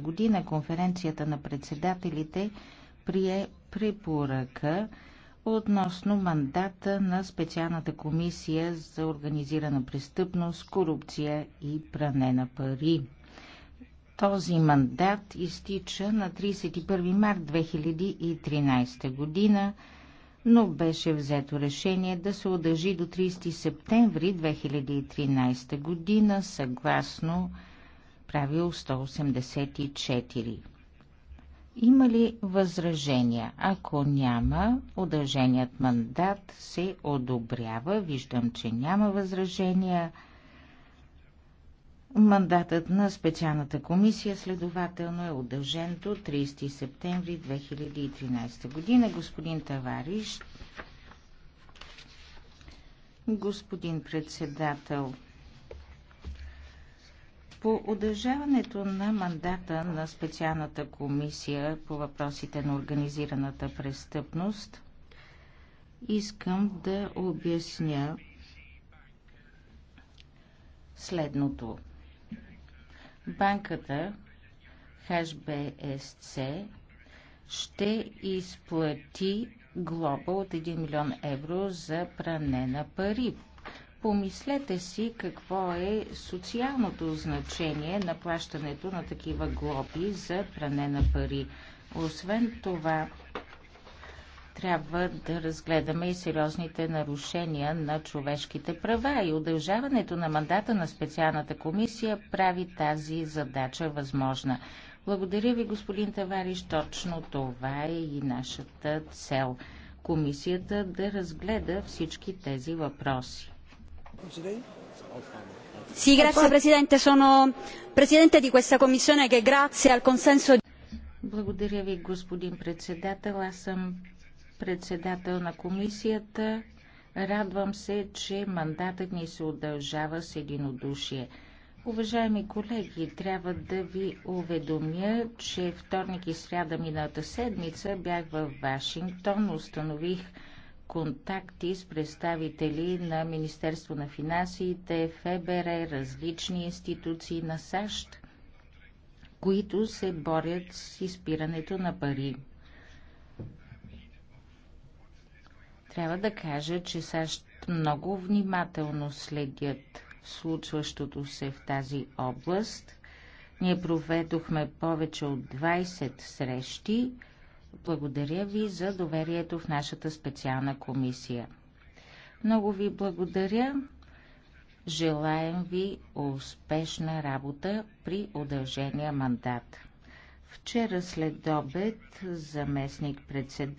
година конференцията на председателите прие препоръка относно мандата на специалната комисия за организирана престъпност, корупция и пране на пари. Този мандат изтича на 31 март 2013 година, но беше взето решение да се удържи до 30 септември 2013 година, съгласно правил 184. Има ли възражения? Ако няма, удълженият мандат се одобрява. Виждам, че няма възражения. Мандатът на специалната комисия следователно е удължен до 30 септември 2013 година. Господин Тавариш, господин председател, по удължаването на мандата на специалната комисия по въпросите на организираната престъпност, искам да обясня следното. Банката HBSC ще изплати глоба от 1 милион евро за пране на пари Помислете си какво е социалното значение на плащането на такива глоби за пране на пари. Освен това, трябва да разгледаме и сериозните нарушения на човешките права и удължаването на мандата на специалната комисия прави тази задача възможна. Благодаря ви, господин Тавариш, точно това е и нашата цел. Комисията да разгледа всички тези въпроси. Signor Presidente, sono Presidente di questa Commissione che grazie al consenso... Благодаря ви, господин председател. Аз съм председател на комисията. Радвам се, че мандатът ни се удължава с единодушие. Уважаеми колеги, трябва да ви уведомя, че вторник и сряда миналата седмица бях в Вашингтон, установих контакти с представители на Министерство на финансите, ФБР, различни институции на САЩ, които се борят с изпирането на пари. Трябва да кажа, че САЩ много внимателно следят случващото се в тази област. Ние проведохме повече от 20 срещи благодаря ви за доверието в нашата специална комисия. Много ви благодаря. Желаем ви успешна работа при удължения мандат. Вчера след обед заместник председател